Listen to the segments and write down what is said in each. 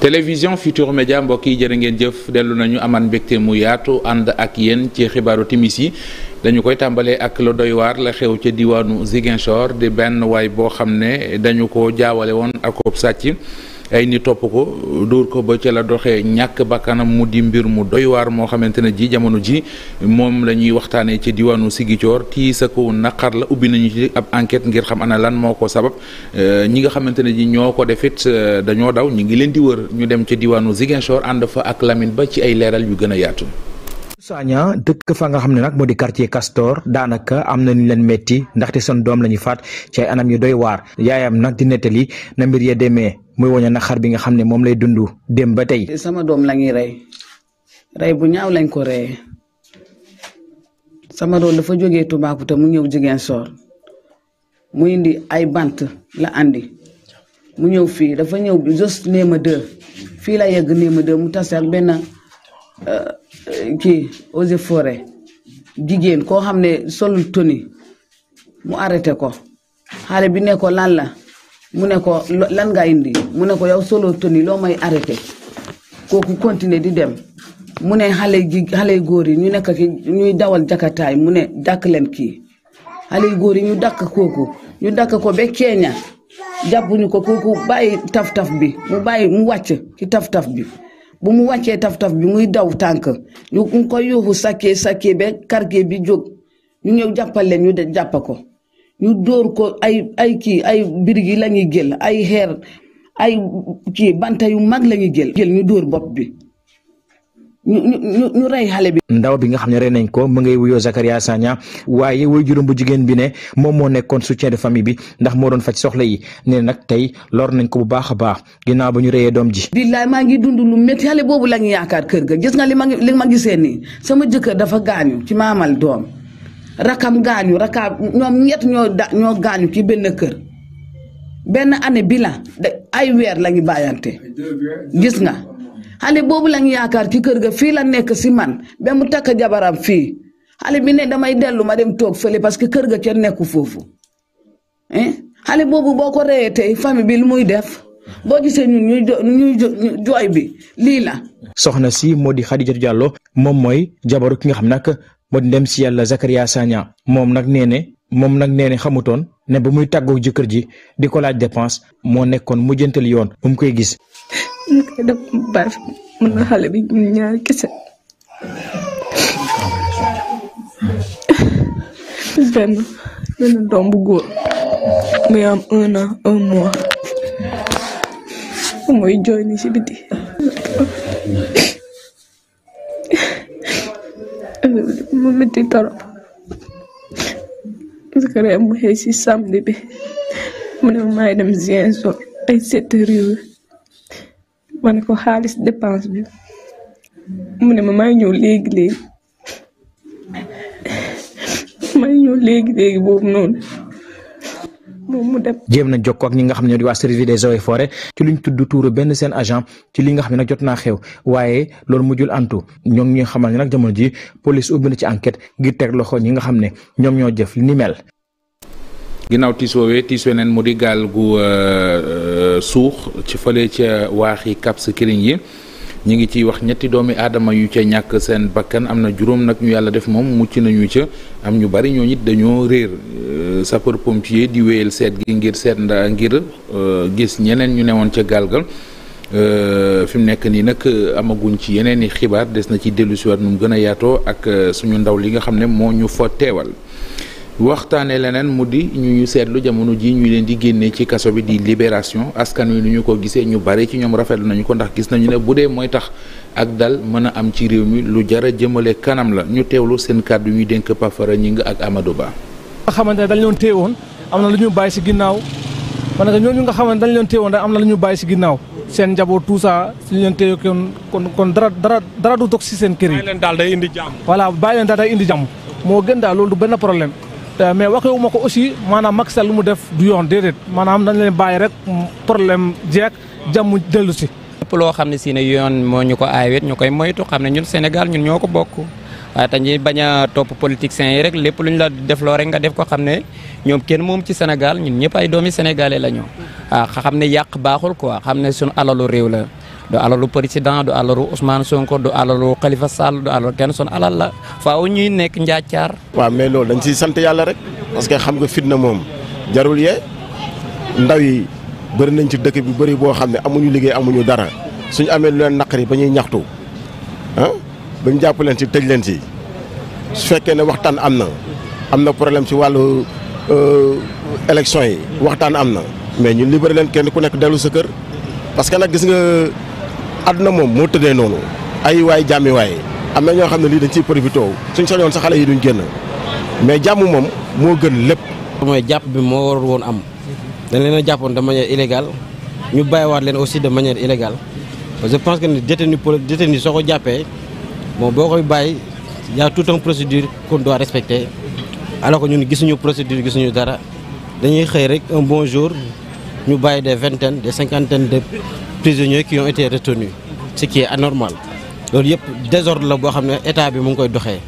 télévision Futur Média mbokk yi jërë ngeen jëf dellu nañu aman mbégte mu yaatu ànd ak yéen ci xibaaru timis yi dañu koy tàmbalee ak la doywaar la xew ca diwaanu Ziguinchor di benn waay boo xam ne dañu ko jaawale woon ak sàcc ay ni topp ko dóor ko ba ca la doxee ñàkk bakkanam mu di mbir mu doy waar moo xamante ne ji jamono ji moom la ñuy waxtaanee ci diwaanu Sigicoor tiis a ko naqar la ubbi nañu ci ab enquête ngir xam ana lan moo ko sabab euh, ñi nga xamante ne ji ñoo ko defit euh, dañoo daw ñu ngi leen di wër ñu dem ca diwaanu Ziguinchor ànd fa ak Lamine Ba ci ay leeral yu gën a yaatu. Saña dëkk fa nga xam ne nag moo di quartier Castor daanaka am na ñu leen metti ndaxte seen doom la ñu faat ci ay anam doy waar yaayam nag di nettali na mbir muy wane naqar bi nga xam ne moom lay dund dem ba tey. sama doom la ñuy rey rey bu ñaaw lañ ko reyee sama doom dafa jógee Toubacouta mu ñëw Ziguinchor mu indi ay bant la andi mu ñëw fii dafa ñëw juste néema deux fii la yegg néema deux mu tase ak benn euh, kii eaux et forêt jigéen koo xam ne solul toni mu arrêté ko xale bi ko lan mu ne ko lan nga indi mu ne ko yow solo toni loo may arrêté kooku continuer di dem mu ne xale gi xale góor yi ñu nekk ki ñuy dawal jakataay mu ne dàkk leen kii xale góor yi ñu dakk kooku ñu dakk ko ba keeña jàppuñu ko kooku bàyyi taf-taf bi mu bàyyi mu wàcc ki taf-taf bi bu mu wàccee taf-taf bi muy daw tànk ñu ko koy yuuxu sakkee sakkee ba karge bi jóg ñu ñëw jàppal leen ñu de jàpp ko ñu dóor ko ay ay kii ay birigi la ñuy jël ay xeer ay kii banta yu mag la ñuy jël. ñu dóor bopp bi ñu ñu rey xale bi. ndaw bi nga xam ne rey nañ ko mu ngay wuyoo Zakaria ña waaye woy juróom bu jigéen bi ne moom moo nekkoon soutien de famille bi ndax moo doon faj soxla yi ne nag tey lor nañ ko bu baax a baax ginnaaw ba ñu reyee doom ji. billaay maa ngi dund lu métti xale boobu la ñu yaakaar kër ga gis nga li ma li ma gisee nii sama jëkkër dafa gaañu ci maamal doom. rakam gaañu rakaam ñoom ñett ñoo da ñoo gaañu ci benn kër benn année bilan ay weer la ñu bàyyante gis nga xale boobu lañu yaakaar ci kër ga fii la nekk si man ba mu takk jabaram fii xale bi ne damay dellu ma dem toog fële parce que kër ga kenn nekku foofu xale boobu boo ko reyee tey famille bi lu muy def boo gisee ñun ñuy ñuy bi lii la. soxna si moo di Khadijatu Diallo moom mooy jabaru ki nga xam nag ba dem si yàlla Zakaria Sagna moom nag nee ne moom nag nee ne xamutoon ne ba muy tàggoo jëkkër ji di ko laaj dépense moo nekkoon mujjantal yoon bu mu koy gis. mu koy def bari mën na xale bi ñaari kese. benn benn doom bu góor un an un mois muy jooy si biti. mu métti torop jëkkëram mu xëy si samedi bi mu ne maay dem Ziguinchor ay sept heures ma ne ko xaalis dépense bi mu ne ma maay ñëw léegi léegi maay ñëw léegi léegi boobu noonu. moom mu dem. jéem na jokkoo ñi nga xam ne ñoo di waa service des eaux et forêts lu luñ tudd tuuru benn seen agent ci li nga xam ne nag jot naa xew waaye loolu mujjul antu ñoom ñi nga xamal ne nag jamono ji police ubbi na ci enquête ngir teg loxo ñi nga xam ne ñoom ñoo jëf li ni mel. ginnaaw tiis woowee tiis weneen mu di gaal gu euh, euh, suux ci fële ca waaxi Cap Skirring yi. ñi ngi ciy wax ñetti doomi aadama yu ca ñàkk seen bakkan am na juróom nag ñu yàlla def moom mucc nañu ca am ñu bari ñoo it dañoo réer euh, sapeur pompier di wéyal seet gi ngir seet nda ngir euh, gis ñeneen ñu ne woon ca gaal ga euh, fi mu nekk nii nag amaguñ ci yeneen i xibaar des na ci dellusiwaat nu mu gën a yaatoo ak suñu ndaw li nga xam ne moo ñu fa waxtaanee leneen mu di ñu ñu seetlu jamono ji ñu leen di génnee ci kaso bi di libération askan wi lu ñu ko gisee ñu bari ci ñoom rafetlu nañu ko ndax gis nañu ne bu dee mooy tax ak dal mën a am ci réew mi lu jara jëmale kanam la ñu teewlu seen kàddu ñuy dénk Pafara Gningue ak Amadou Ba. nga xamante ne dañ leen téye woon am na lu ñu bàyyi si ginnaaw parce ñoom ñu nga xamante dañ leen téye woon am na lu ñu bàyyi si ginnaaw seen njaboot tout ça suñu leen kon kon dara dara dara du toog si seen kër yi. bàyyi daal day indi jàmm. voilà bàyyi day indi jàmm moo gën daal loolu du benn problème Euh, mais waxewuma ko aussi maanaam Macky Sall lu mu def du yoon déedéet maanaam dañ leen bàyyi rek problème jeeg jàmm dellu si. lépp loo xam ne si ne yoon moo ñu ko aayweet ñu koy moytu xam ne ñun Sénégal ñun ñoo ko bokk waaye ah, dañuy bañ a topp politiciens yi rek lépp lu ñu la def loo rek nga def ko xam ne ñoom kenn moom ci Sénégal ñun ñëpp ay doomi sénégalais la ñu. waaw ah, xam ne yàq baaxul quoi xam ne suñu alalu réew la. du alalu président du alalu Ousmane Sonko du alalu Khalifa Sall du alalu kenn son alal la faa ñuy nekk njaacaar. waaw mais loolu dañ ciy sant yàlla rek parce que xam nga fitna moom jarul yee ndaw yi bëri nañ ci dëkk bi bëri boo xam ne amuñu liggéey amuñu dara suñ amee lu leen naqari ba ñuy ñaxtu ah ba ñu jàpp leen ci tëj leen ci su fekkee ne waxtaan am na am na problème ci wàllu euh, élection yi waxtaan am na mais ñu libéré leen kenn ku nekk dellu sa kër parce àdduna moom moo tëddee noonu ay waay jàmmi waay am na ñoo xam ne lii dañ ciy profité suñ sañoon sa xale yi duñ génn mais jàmm moom moo gën lépp. mooy jàpp bi moo warul woon am dañ leen jàppoon de manière illégale ñu bàyyiwaat leen aussi de manière illégale je pense que ni détenu poli détenu soo ko jàppee moom boo koy bàyyi y a tout un procédure qu'on doit respecter alors que ñun gisuñu procédure gisuñu dara dañuy xëy rek un bon jour ñu bàyyi des vingtaines des cinquantaines de prisonniers qui ont été retenus ce qui est anormal loolu yëpp désordre la boo xam ne état bi mu ngi koy doxee.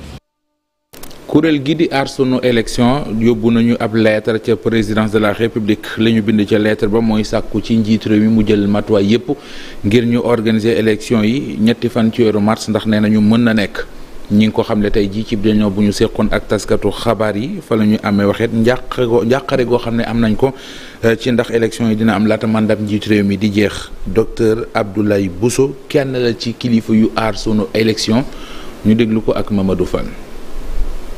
kuréel gi di aar sunu élection yóbbu nañu ab lettre ca présidence de la république li ñu bind ca lettre ba mooy sàkku ci njiit réew mu jël matuwaay yëpp ngir ñu organiser élections yi ñetti fan ci weeru mars ndax nee nañu mën na nekk. ñi ngi ko xam ne tey jii ci dañoo bu ñu seekoon ak taskatu xabaar yi fa la ñu amee waxeet njàq go njàqare goo xam ne am nañ ko euh, ci ndax élection yi dina am laata mandat njiitu réew mi di jeex docteur Abdoulaye Bousso kenn la ci kilifa yu aar sunu élection ñu déglu ko ak Mamadou Fall.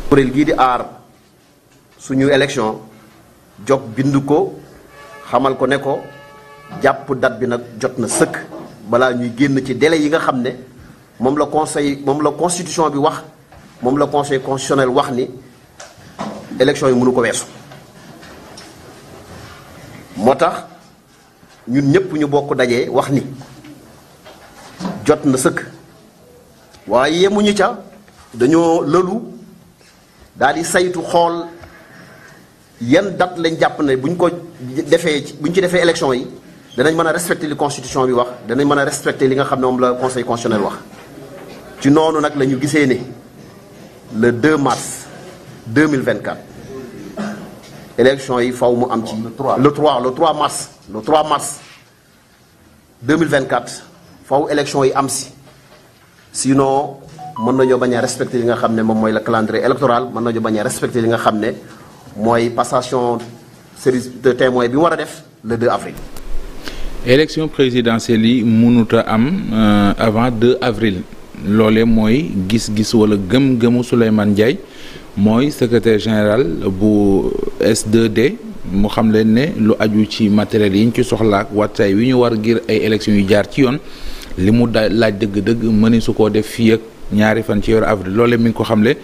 kuréel gii di aar suñu élection jog bind ko xamal ko ne ko jàpp dat bi nag jot na sëkk balaa ñuy génn ci délai yi nga xam ne. moom la conseil moom la constitution bi wax moom la conseil constitutionnel wax ni élection yi mënu ko weesu moo tax ñun ñëpp ñu bokk dajee wax ni jot na sëkk waaye yemuñu ca dañoo lëlu daal di saytu xool yan date lañ jàpp ne buñ ko defee ci buñ ci defee élection yi danañ mën a respecter li constitution bi wax danañ mën a respecter li nga xam ne moom la conseil constitutionnel wax ci noonu nag la ñu gisee ni le 2 mars 2024 élection yi faw mu am ci le 3 le 3 mars le 3 mars 2024 faw élection yi am si sinon mën nañoo bañ a respecter li nga xam ne moom mooy le calendrier électoral mën nañoo bañ a li nga xam ne mooy passation service de témoin bi mu war a def le 2 avril élection présidentielle yi mënut a am euh, avant 2 avril loole mooy gis-gis wala gëm-gëmu Souleymane Ndiaye mooy secretaire général bu s mu xam leen ne lu aju ci matériel yi ñu ci soxlaak wattaay wi ñu war ngir ay élections yu jaar ci yoon li mu da laaj dëgg-dëgg mëne su koo def fii ak ñaari fan ci weeru avril loole mi ngi ko xamle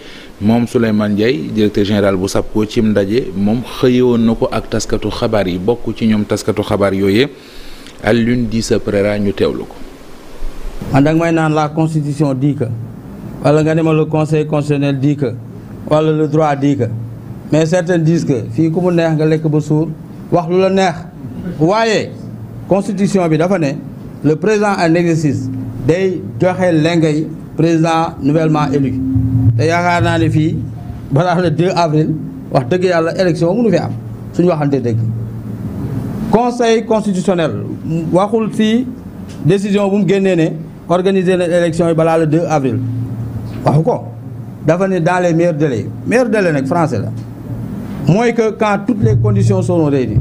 moom Souleymane Ndiaye directeur général bu SAPCO cim ndaje moom xëyewoon na ko ak taskatu xabaar yi bokk ci ñoom taskatu xabaar yooyee Alioune Dissa Pereira ñu teew teewlu ko. man da may naan la constitution dit que wala nga ne ma le conseil constitutionnel dit que wala le droit dit que mais certains disent que fii ku mu neex nga lekk ba suur wax lu la neex waaye constitution bi dafa ne le président en exercice day joxe lengay président nouvellement élu te yaakaar naa ne fii balaa le 2 avril wax dëgg yàlla élection mënu fi am suñu waxante dëgg conseil constitutionnel waxul si décision bu mu génnee ne organiser les élections yi balaa le 2 avril waxu ko dafa ne dans maire meilleurs délais meilleurs délais nag français la mooy que quand toutes les conditions sont réunies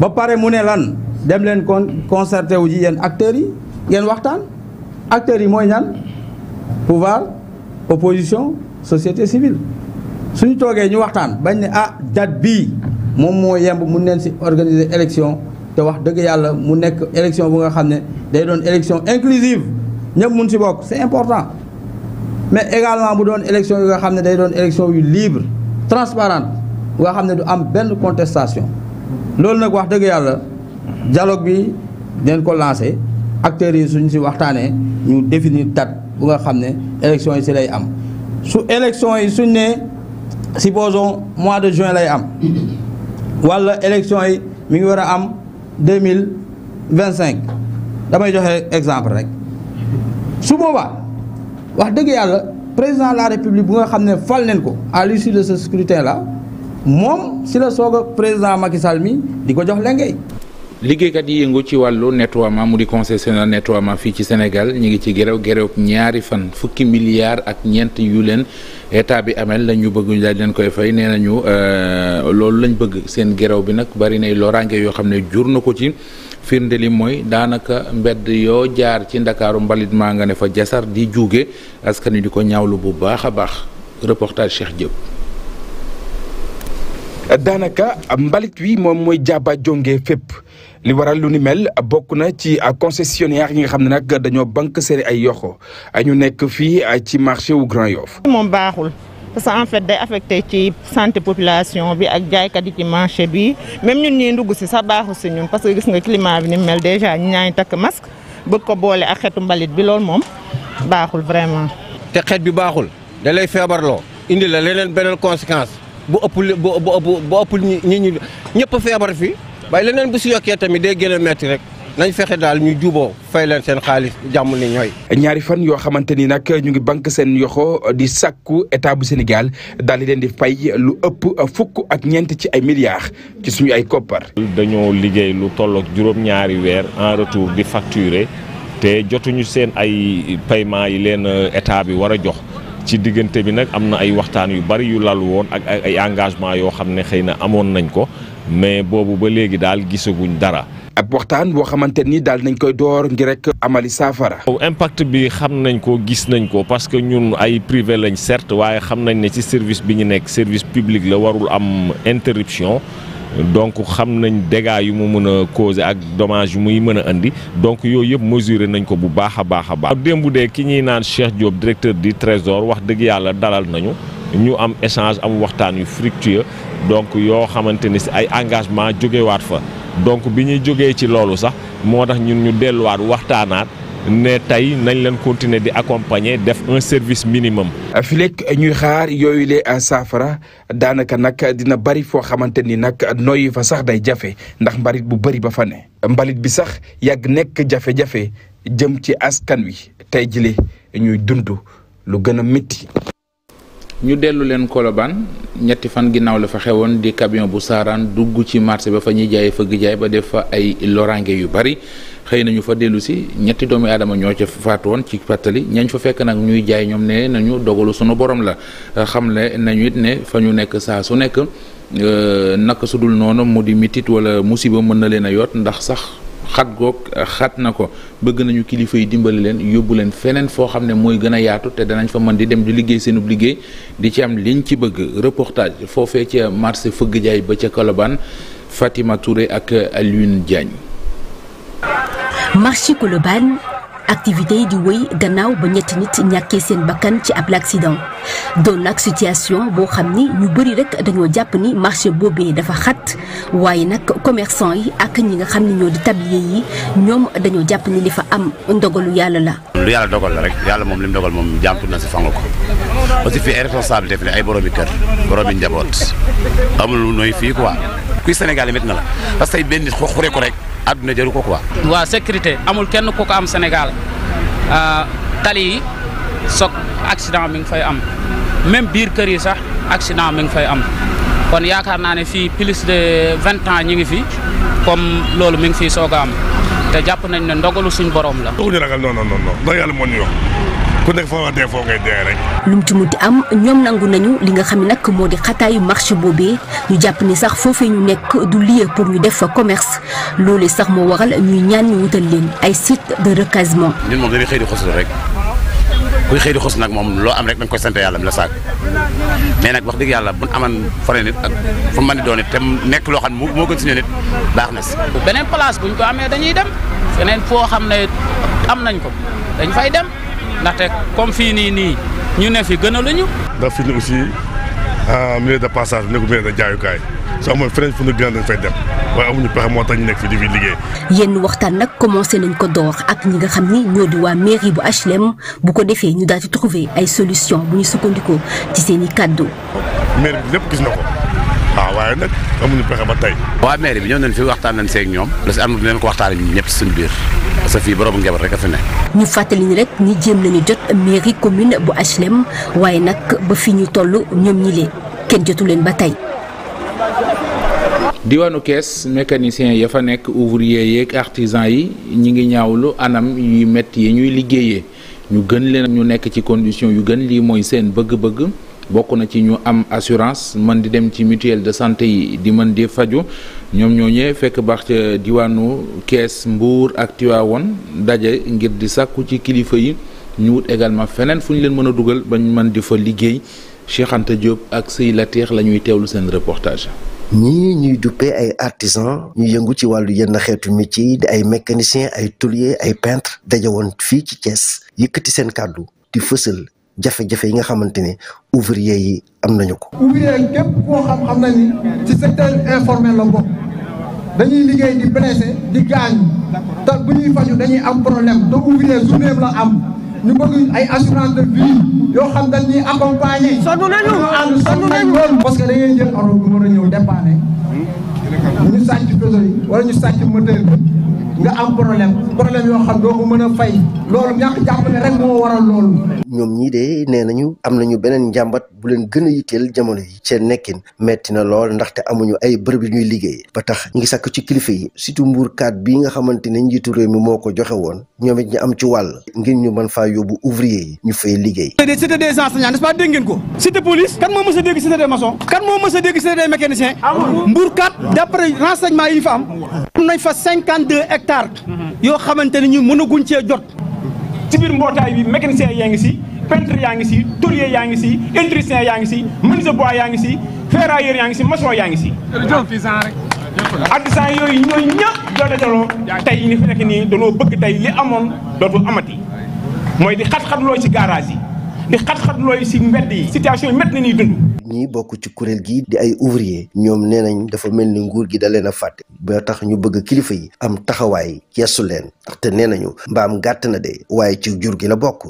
ba pare mu ne lan dem leen con concerté wu ji yéen acteurs yi ngeen waxtaan acteurs yi mooy ñan pouvoir opposition société civile suñu toogee ñu waxtaan bañ ne ah date bii moom moo yemb mun neen si organiser élection te wax dëgg yàlla mu nekk élection bu nga xam ne day doon élection inclusive ñëpp mun si bokk c'est important mais également bu doon élection yu nga xam ne day doon élection yu libre transparente nga xam ne du am benn contestation loolu nag wax dëgg yàlla dialogue bi dinañ ko lancé acteurs yi suñ si waxtaanee ñu définir tat bu nga xam ne élection yi si lay am su élection yi suñ ne supposons mois de juin lay am wala élection yi mi ngi war a am deux mille vingt cinq damay joxe exemple rek su boobaa wax dëgg yàlla président de la république bu nga xam ne fal leen ko à l'issue de ce scrutin là moom si la soog a président Macky Sall mi di ko jox lengay liggéeykat yi yëngu ci wàllu nettoiement mu di concessionnaire nettoiement fii ci senegal ñu ngi ci géréw géréw ñaari fan fukki milliards ak ñeent yu leen état bi ameel la ñu bëgg ñu daal leen koy fay nee nañu euh, loolu lañ bëgg seen géréw bi nag bari nay loraange yoo xam ne jur na ko ci firnde li mooy daanaka mbedd yoo jaar ci ndakaaru mbalit maa nga ne fa jasar di juuge askan wi di ko ñaawlu bu baax a baax reportage Cheikh Diop. daanaka mbalit wi moom mooy jaaba fépp li waral lu ni mel a bokk na ci concessionnaire yi nga xam ne nag dañoo banque seen ay yoxo ñu nekk fii ci marché wu Grand Yoff moom baaxul parce en fait day affecté ci santé population bi ak jaaykat yi ci marché bi même ñun ñuy ndugg si sax baaxul si ñun parce que gis nga climat bi ni mel déjà ñu ñaa ngi takk masque bëgg ko boole ak xeetu mbalit bi loolu moom baaxul vraiment. te xeet bi baaxul da lay loo indi la leneen beneen conséquence bu ëpp bu ëpp bu ëpp nit ñëpp feebar fi waaye leneen bu si yokkee tamit day gën a métti rek nañ fexe daal ñu juboo fay leen seen xaalis jàmm ni ñooy. ñaari fan yoo xamante ni nag ñu ngi banque seen yoxo di sàkku état bu Sénégal daal di leen di fay lu ëpp fukk ak ñeent ci ay milliards ci suñu ay koppar. dañoo liggéey lu tollook juróom-ñaari weer en retour di facturer te jotuñu seen ay paiement yi leen état bi war a jox. ci diggante bi nag am na ay waxtaan yu bari yu lalu woon ak ay engagement yoo xam ne xëy na amoon nañ ko mais boobu ba léegi daal gisaguñ dara. ab waxtaan boo xamante ni daal nañ koy door ngi rek amali saafara. impact bi xam nañ ko gis nañ ko parce que ñun ay privé lañ certes waaye xam nañ ne ci service bi ñu nekk service public la warul am interruption donc xam nañ dégâts yu mu mën a causer ak domage yu muy mën a indi donc yooyu yëpp mesurer nañ ko bu baax a baax a baax. démb de ki ñuy naan Cheikh Diop directeur du trésor wax dëgg yàlla dalal nañu. ñu am échange am waxtaan yu fructueux donc yoo xamante ni si ay engagement jógewaat fa donc bi ñuy jógee ci loolu sax moo tax ñun ñu delluwaat waxtaanaat ne tey nañ leen continuer di accompagner def un service minimum. fileeg ñuy xaar yooyu lee saafara daanaka nag dina bari foo xamante ni nag noyyi fa sax day jafe ndax mbalit bu bari ba fa ne. mbalit bi sax yàgg nekk jafe-jafe jëm ci askan wi tey jile ñuy dund lu gën a métti. ñu dellu leen Colobane ñetti fan ginnaaw la fa xewoon di camion bu saaraan dugg ci marché ba fa ñuy jaay fëgg jaay ba def fa ay loraange yu bari xëy nañu fa dellu si ñetti doomu aadama ñoo ca faatu woon ci fàttali ñañ fa fekk nag ñuy jaay ñoom ne nañu dogalu sunu borom la xamle nañu it ne fa ñu nekk saa su nekk euh, naka su dul noonu mu di mitit wala musiba mën na leen a yoot ndax sax. xat goog euh, xat na ko bëgg nañu kilifa yi dimbali leen yóbbu leen feneen foo xam ne mooy gën a yaatu te danañ fa mën di dem di liggéey seenub liggéey di ci am liñ ci bëgg reportage foofee ca marché fëgg jaay ba ca Colobane Fatima Touré ak Alioune jaañ activité yi di wéy gannaaw ba ñetti nit ñàkkee seen bakkan ci ab l'accident doon nag situation boo xam ni ñu bëri rek dañoo jàpp ni marché boobee dafa xat waaye nag commerçant yi ak ñi nga xam ne ñoo di tablier yi ñoom dañoo jàpp ni li fa am ndogalu yàlla la. lu yàlla dogal la rek yàlla moom li dogal moom jàmtu na si fangu ko aussi fii ay responsable def ne ay boroomi kër boroomi njaboot amul nooy fii quoi kuy Sénégal yi na la parce que ben nit xuree ko rek. àdduna jaru ko quoi. waaw sécurité amul kenn ku ko am Sénégal euh, tali yi soog accident mi ngi fay am même biir kër yi sax accident mi ngi fay am kon yaakaar naa ne fii plus de vingt ans ñi ngi fi comme loolu mi ngi fii soog a am te jàpp nañ ne ndogalu suñ borom la. doo ko ñu ragal non ku nekk foo war a dee foo ngay dee rek. lu mu ci am ñoom nangu nañu li nga xam ne nag moo di xataayu marché boobee ñu jàpp ni sax foofee ñu nekk du lieu pour ñu def fa commerce loolu sax moo waral ñuy ñaan ñu wutal leen ay site de recasement. ñun moom dañuy xëy di rek kuy xëy xos nag moom loo am rek da nga koy sant yàlla mi la saak mais nag wax dëgg yàlla buñ aman fare nit ak fu mën di doon it te nekk loo xam ne moo gën si nit baax na si. beneen place buñ ko amee dañuy dem feneen foo xam ne am nañ ko dañ fay dem. ndaxte comme fii nii nii ñu ne fi gën a luñu ndax fii nii aussi ah, milieu de passage nekkul milieu de jaayukaay soo amoon feneen fu ñu gën dem waaye amuñu pexe moo tax ñu nekk fi di fi liggéey. yenn waxtaan nag commencé nañ ko door ak ñi nga xam ni ñoo di waa mairie bu HLM bu ko defee ñu daal di trouver ay solution bu ñu sukkandikoo ci seen i kàddu. mairie bi lépp gis na ko waaw ah, waaye nag amuñu pexe ba tey. waa mairie bi ñëw nañ fi waxtaan nañ seeg ñoom. parce am na leen ko waxtaan ñun ñëpp suñu biir. parce fii borom njaboot rek a fi ne. ñu fàttali ñu rek ñi jéem nañu jot mairie commune bu HLM waaye nag ba fi ñu toll ñoom ñi leen kenn jotu leen ba tey. diwaanu kees mécanicien ya fa nekk ouvrier yeeg artisan yi ñi ngi ñaawlu anam yuy métti yi ñuy liggéeye ñu gën leen ñu nekk ci condition yu gën lii mooy seen bëgg-bëgg. bokk na ci ñu am assurance man di dem ci mutuelle de santé yi di man di faju ñoom ñooñee fekk baax ca diwaanu Kees Mbuur ak Tiwaawoon daje ngir di sàkku ci kilifa yi ñu wut également feneen fu ñu leen mën a dugal ba man di fa liggéey Cheikh Anta ak Sey Latir la ñuy teewlu seen reportage. ñii ñuy duppee ay artisan ñu yëngu ci wàllu yenn xeetu métier yi ay mécanicien ay tôlier ay peintres daje woon fii ci Thiès yëkkati seen kàddu di fësal jafe-jafe yi nga xamante ne ouvrier yi am nañu ko. ouvrier képp koo xam xam na ni ci secteur informel la dañuy liggéey di blessé di gaañ te bu ñuy faju dañuy am problème te ouvrier journée la am ñu bëgg ay assurance de vie yoo xam dañ ñuy accompagner. sonn nañu parce que da jël oto bu mën a ñëw dépanner hmm. ñu sàcc pétrole yi wala ñu sàcc moteur bi. nga am problème yoo xam doo mën a fay loolu ñàkk ñoom ñii de nee nañu am nañu beneen njàmbat bu leen gën a yitteel jamono yi seen nekkin metti na lool ndaxte amuñu ay bërëb yu ñuy liggéey ba tax ñu ngi sakk ci kilifa yi surtout mbuurkat bii nga xamante ne njiitu réew mi moo ko joxe woon ñoom it ñu am ci wàll ngir ñu mën faa yóbbu ouvrier yi ñu fay liggéey. cité des enseignants pas dégg ko cité police kan moo mës a dégg cité kan moo mës a dégg cité des mécaniciens mbuurkat d'après am nañ fa cinquante deux hectares. yoo xamante ne ñu mënaguñ cee jot. ci biir mbootaay bi mécanicien yaa ngi si peintre yaa ngi si tôlier yaa ngi si électricien yaa ngi si menuisier bois yaa ngi si ferrailleur yaa ngi si mason yaa ngi si. artisan yooyu ñooy ñëpp doo dajaloo tey ni fi nekk nii dañoo bëgg tey li amoon dootul amati mooy di xat-xatloo ci garage yi di xat-xatloo ci mbedd yi situation yi métti na ñuy dund. ñi bokk ci kuréel gi di ay ouvrier ñoom nee nañ dafa mel ni nguur gi da leen a fàtte ba tax ñu bëgg kilifa yi am taxawaay yeesu leen ndaxte nee nañu mbaam gàtt na de waaye ci jur gi la bokk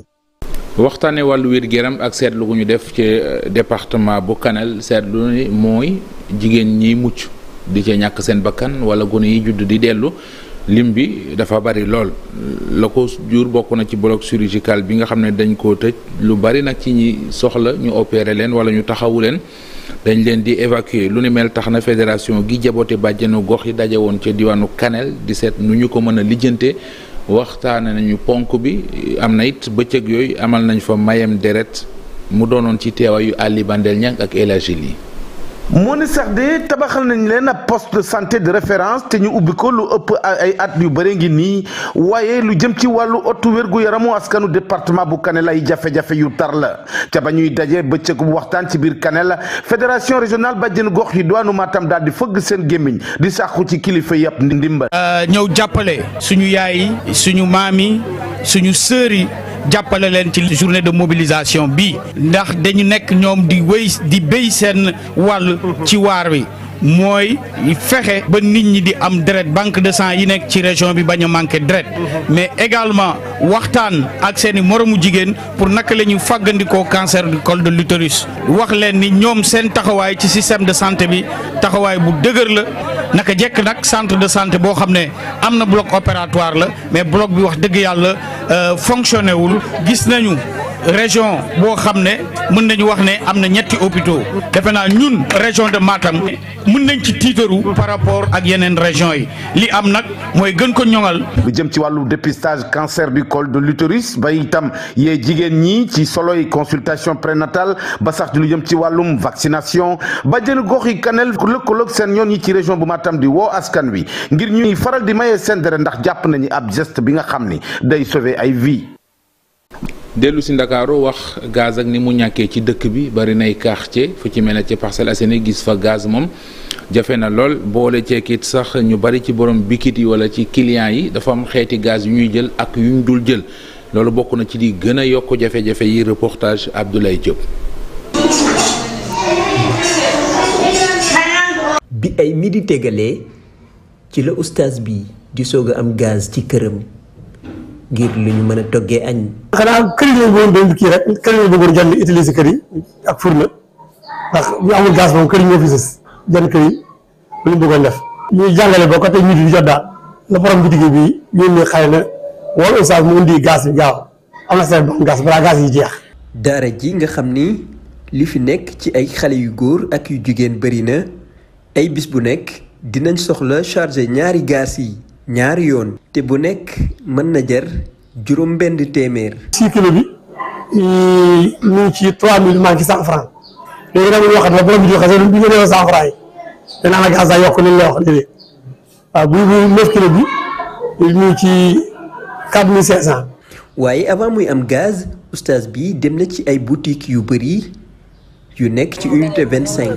waxtaane wàllu wér-gu-yaram ak seetlu gu ñu def ci euh, département bu kanal seetlu ni mooy jigéen ñi mucc di ca ñàkk seen bakkan wala gone yi juddu di dellu lim bi dafa bari lool la ko jur bokk na ci bloc chirurgical bi nga xam ne dañ koo tëj lu bari nag ci ñi soxla ñu opérer leen wala ñu taxawu leen dañ leen di évacuer lu ni mel tax na fédération gi jaboote bàjjenu gox yi daje woon ca diwaanu Kanel di seet nu ñu ko mën a lijjante waxtaane nañu ponk bi am na it bëccëg yooyu amal nañu fa mayem deret mu doonoon ci teewaayu Aliou Bandel Niang ak El Hadji moo ni sax de tabaxal nañ leen ab poste de santé de référence te ñu ubbi ko lu ëpp ay at yu bëri ngi nii waaye lu jëm ci wàllu ottu wergu yaramu askanu département bu Kanel ay jafe-jafe yu tar la ca ba ñuy daje bëccëg bu waxtaan ci biir Kanel fédération régionale ba jën gox yi doonu Matam daal di fëgg seen gémmiñ di sàkku ci kilifa yàpp ndimbal. Euh, ñëw jàppale suñu yaay yi suñu maam yi suñu sœur yi jàppale leen ci journée de mobilisation bi ndax dañu nekk ñoom di wéy di béy seen wàll ci waar wi mooy fexe ba nit ñi di am deret banque de sang yi nekk ci région bi bañ a manqué deret mais également waxtaan ak seen i moromu jigéen pour naka la ñu fàggandikoo cancer du col de wax leen ni ñoom seen taxawaay ci système de santé bi taxawaay bu dëgër la naka jekk nag centre de santé boo xam ne am na bloc opératoire la mais bloc bi wax dëgg yàlla euh, fonctionné wul gis nañu. région boo xam ne mën nañu wax ne am na ñetti hôpitaux defe naa ñun région de Matam mën nañ ci tiitaru par rapport ak yeneen région yi li am nag mooy gën ko ñoŋal. lu jëm ci wàllu dépistage cancer du col de l'utérus ba itam yee jigéen ñi ci soloy consultation prénatale ba sax lu jëm ci wàllum vaccination ba jën gox yi kanel lëkkaloog seen yoon yi ci région bu Matam di woo askan wi ngir ñuy faral di maye seen deret ndax jàpp nañu ab geste bi nga xam ni day sauver ay vie dellu si ndakaaru wax gaz ak ni mu ñàkkee ci dëkk bi bari nay quartier fu ci mel ne ci Parcelles Assainies gis fa gaz moom jafe na lool boole ceekit sax ñu bari ci borom bikit yi wala ci clients yi dafa am xeeti gaz yu ñuy jël ak yu ñu dul jël loolu bokk na ci li gën a yokk jafe-jafe yi reportage Abdoulaye Diop. bi ay midi tegalee ci la oustaz bi di soog am gaz ci këram. ngir lu ñu mën a toggee añ. xanaa kër yi lañ bëggoon doon kii rek kër yi lañ bëggoon jënd utiliser kër ak fourne ndax bu amul gaz moom kër yi ñoo fi sës jënd ñu bëggoon jot daal la borom bitig bi yónnee xale na wala oustaz mu indi gaz bi gaaw am na seen doon gaz balaa gaz yi jeex. daara ji nga xam ni li fi nekk ci ay xale yu góor ak yu jigéen bëri na ay bis bu nekk dinañ soxla charger ñaari gaz yi. ñaari yoon te bu nekk mën na jar juróom benn téeméer six kilo bi euh, mu ci trois mille manqué cent franc léegi nag ñu waxat la borom bi di xasee bi la wax léegi waaw bu bu kilo bi mu ci quatre mille cinq cent waaye avant muy am gaz oustaz bi dem na ci ay boutiques yu bëri yu nekk ci unité vingt cinq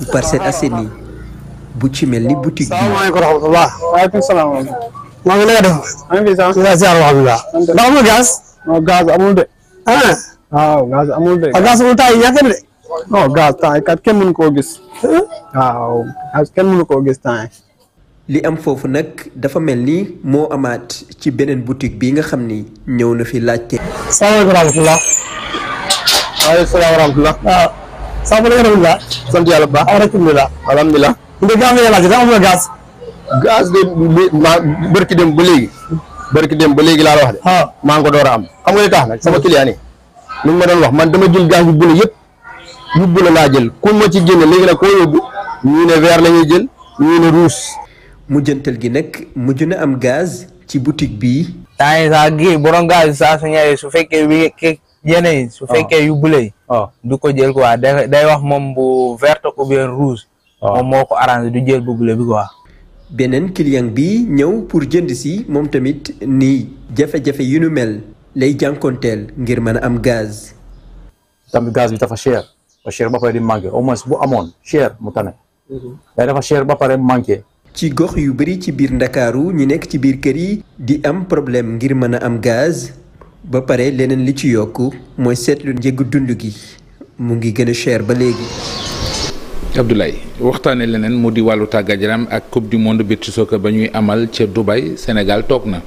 yu Parcelles Assainies bu ci mel ni boutique bi. salaamaaleykum wa rahmatulah. waaleykum salaam. maa ngi lay def. maa ngi fi sax. alhamdulilah. ndax amul gaz. non gaz amul de. ah. waaw gaz amul de. Ah, gaz amul temps yi ñàkk de. non gaz temps yi kat kenn mënu koo gis. Ah. waaw gaz kenn mënu koo gis temps yi. li am foofu nag dafa mel ni moo amaat ci beneen boutique bi nga xam ni ñëw na fi laajte. salaamaaleykum wa rahmatulah. waaleykum salaam wa rahmatulah. waaw. Ah. salaamaaleykum wa rahmatulah. sant yàlla bu baax. alhamdulilah alhamdulilah. nga gaa nga laaj daa am nga gaz. gaz de ma dem ba léegi. barki dem ba léegi laa la wax de. Ah. maa ngi ko door a am xam nga li sama client yi. nu wax man dama jël gaz yu yëpp yu laa jël ku ma ci génne léegi nag koo yóbbu ñu ne vert la jël ñu ne rouge. mujjantal gi nag mujj na am gaz ci boutique bii. saa yi saa gi borom gaz saa su ñëwee su fekkee wi yeneen yi su ah. fekkee yu bële ah. du ko jël quoi wax moom bu verte ou bien moom moo ko arrangé du jël bu bleu bi quoi. beneen client bi ñëw pour jënd si moom tamit ni jafe-jafe yu nu mel lay jànkonteel ngir mën a am gaz. tamit gaz bi dafa cher ba cher ba pare di manqué au moins bu amoon cher mu tane. day mhm. dafa cher ba pare manqué. ci gox yu bari ci biir ndakaaru ñu nekk ci biir kër yi di am problème ngir mën a am gaz ba pare leneen li ci yokk mooy seetlu njëgu dund gi mu ngi gën a cher ba léegi. Abdoulaye waxtaanee leneen mu di wàllu tàgga yaram ak coupe du monde beach soccer ba ñuy amal ca Dubai Sénégal toog na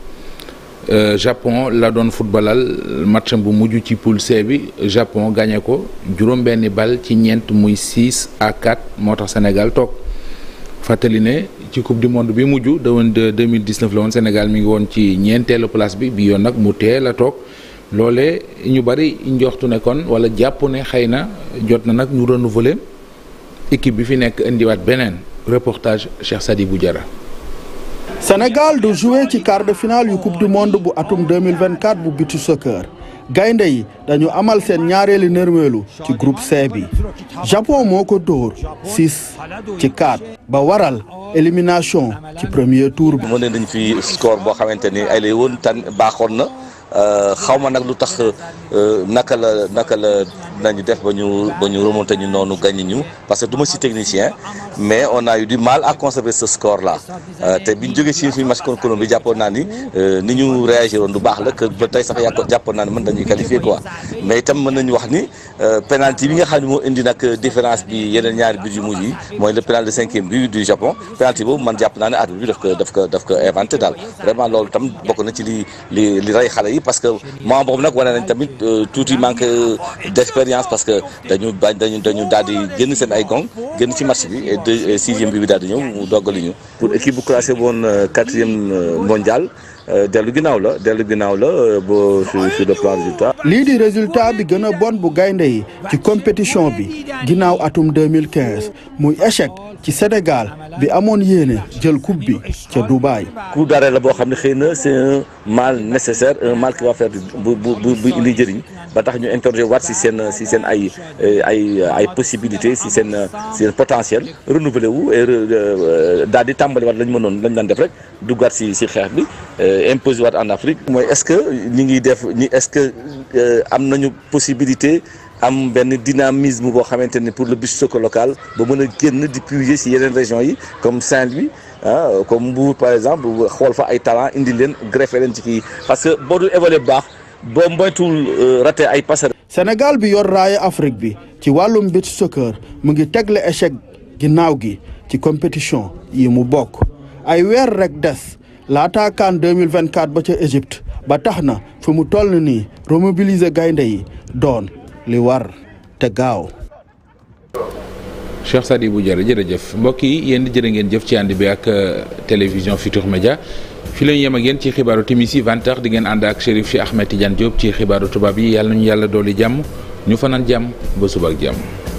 euh, Japon la doon footballal match bu mujj ci poule bi Japon gagné ko juróom-benni bal ci ñeent muy 6 à 4 moo tax Sénégal toog fàttali ne ci coupe du monde bi mujj da woon de 2019 la woon Sénégal mi ngi woon ci ñeenteelu place bi bi yoon nag mu teel a toog. loole ñu bari njoxtu ne kon wala jàpp ne xëy na jot na nag ñu renouveler équipe bi fi nekk indiwaat beneen reportage Cheikh Sadibou Diarra Sénégal du jouer ci quart de finale yu coupe du monde bu atum 2024 bu bitu soccer gaynde yi dañu amal seen ñaareeli nërmeelu ci groupe C bi Japon moo ko dóor 6 ci 4 ba waral élimination ci premier tour bi. moo ne dañ fi score boo xamante ni ay lay woon tan baaxoon na euh, xaw ma nag lu tax Euh, naka la naka la nañu def ba ñu ba ñu remonté ñu noonu gagné ñu parce que du ma si technicien mais on a eu du mal à conserver ce score là euh, te bi ñu jógee si suñu match contre Colombie jàppoon naa ni euh, ni ñu réagiroon du baax sax yàq jàppoon naa ni mën dañuy qualifié quoi mais itam mën nañu wax ni penalty bi nga xam ne moo indi nag différence bi yeneen ñaari but yu mu yi mooy le penalty de cinquième but du Japon penalty boobu man jàpp naa ne arbitre bi daf ko daf ko daf ko inventé daal vraiment loolu tam bokk na ci li li li rey xale yi que moment boobu nañ tamit Euh, tuuti manque euh, d'expérience parce que dañu bañ dañu dañu daal di génn seen ay gong génn ci match bi et deux sixième bi bi daal di ñëw mu doggali ñu pour équipe bu classé woon euh, quatrième mondial Euh, dellu ginnaaw la dellu ginnaaw la euh, ba su le plan résultat. lii di résultat bi gën a bon bu gaynde yi ci compétition bi ginnaaw atum 2015 muy échec ci Sénégal bi amoon yéene jël coupe bi ca Dubaï. coup d'arrêt la boo xam ne xëy na c'est un mal nécessaire un mal qui va bu bu bu indi jëriñ. ba tax ñu interroger waat si seen si seen ay ay ay possibilité si seen seen potentiel renouveler wu et euh, daal di tàmbali waat lañ mënoon lañ daan def rek duggaat si si xeex bi euh, imposer waat en Afrique mooy est-ce que ñi ngi def ñi est-ce que euh, am nañu possibilité am benn dynamisme boo xamante ni pour le bus soco local ba mën a génn di puiser si yeneen régions yi comme Saint-Louis ah comme Mbour par exemple xool fa ay talent indi leen greffé leen ci kii parce que boo dul évolué boo moytuwul euh, rate ay passerelles. Sénégal bi yor raaya Afrique bi ci wàllum beach soccer mu ngi tegle échec ginnaaw gi ci compétition yi mu bokk ay weer rek des laata CAN 2024 ba ca Égypte ba tax na fi mu toll nii remobiliser gaynde yi doon li war te gaaw. Cheikh Sadibou Diarra jërëjëf mbokk yi yéen jërë ngeen jëf ci ànd bi ak euh, télévision Futur Média fi la ñu yem ak yéen ci xibaaru timis yi 20h di ngeen ànd ak Chérif Cheikh Ahmed Tidiane Diop ci xibaaru tubaab yi yàlla nañu yàlla dooli jàmm ñu fanaan jam ba suba ak jàmm.